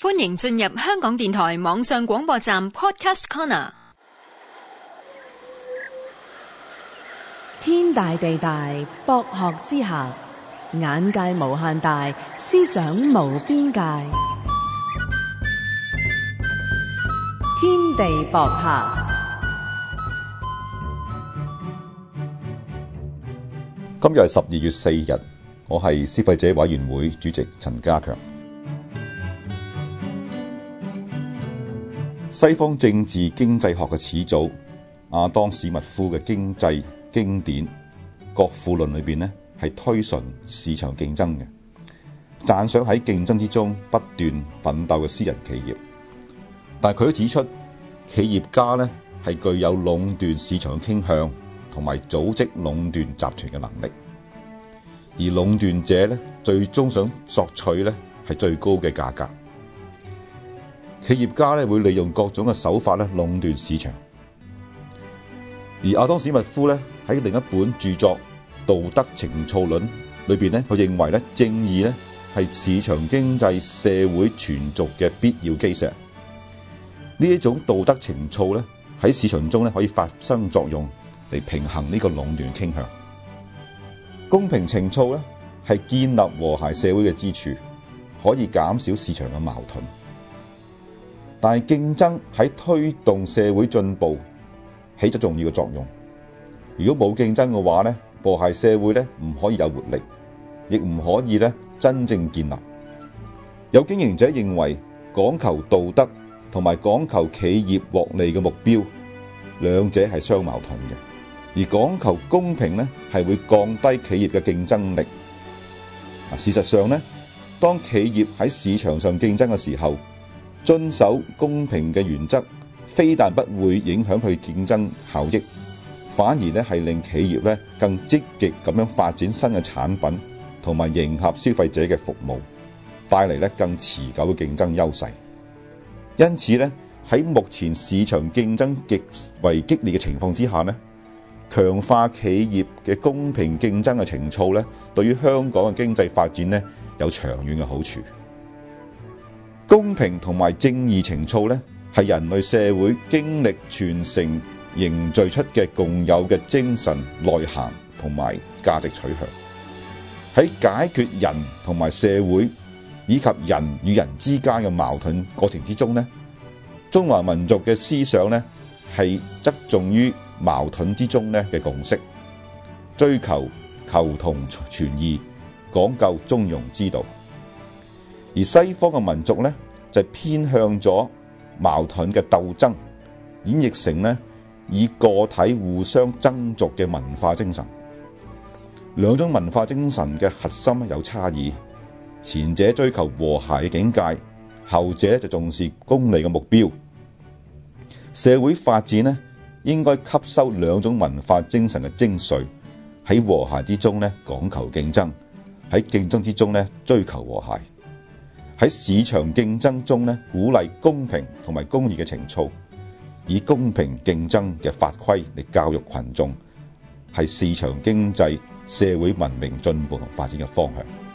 歡迎進入香港電台網上廣播站 Podcast Corner。天大地大，博學之下，眼界無限大，思想無邊界。天地博客。今日係十二月四日，我係消費者委員會主席陳家強。西方政治經濟學嘅始祖亞當史密夫嘅經濟經典《國富論》裏邊呢，係推崇市場競爭嘅，讚賞喺競爭之中不斷奮鬥嘅私人企業，但係佢都指出，企業家呢，係具有壟斷市場嘅傾向，同埋組織壟斷集團嘅能力。而壟斷者呢，最終想索取呢，係最高嘅價格。企業家咧會利用各種嘅手法咧壟斷市場，而亞當史密夫咧喺另一本著作《道德情操論》裏面咧，佢認為咧正義咧係市場經濟社會存續嘅必要基石。呢一種道德情操咧喺市場中咧可以發生作用，嚟平衡呢個壟斷傾向。公平情操咧係建立和諧社會嘅支柱，可以減少市場嘅矛盾。但係競爭喺推動社會進步起咗重要嘅作用。如果冇競爭嘅話咧，和諧社會咧唔可以有活力，亦唔可以咧真正建立。有經營者認為講求道德同埋講求企業獲利嘅目標，兩者係相矛盾嘅。而講求公平咧，係會降低企業嘅競爭力。啊，事實上咧，當企業喺市場上競爭嘅時候，遵守公平嘅原則，非但不會影響佢競爭效益，反而咧係令企業咧更積極咁樣發展新嘅產品，同埋迎合消費者嘅服務帶嚟咧更持久嘅競爭優勢。因此咧，喺目前市場競爭極為激烈嘅情況之下咧，強化企業嘅公平競爭嘅情操咧，對於香港嘅經濟發展咧有長遠嘅好處。公平同埋正義情操咧，係人類社會經歷傳承凝聚出嘅共有嘅精神內涵同埋價值取向。喺解決人同埋社會以及人與人之間嘅矛盾過程之中咧，中華民族嘅思想咧係側重於矛盾之中咧嘅共識，追求求同存異，講究中庸之道。而西方嘅民族咧，就是、偏向咗矛盾嘅鬥爭，演繹成呢以個體互相爭逐嘅文化精神。兩種文化精神嘅核心有差異，前者追求和諧嘅境界，後者就重視功利嘅目標。社會發展呢應該吸收兩種文化精神嘅精髓，喺和諧之中呢講求競爭，喺競爭之中呢追求和諧。喺市場競爭中呢，鼓勵公平同埋公義嘅情操，以公平競爭嘅法規嚟教育群眾，係市場經濟、社會文明進步同發展嘅方向。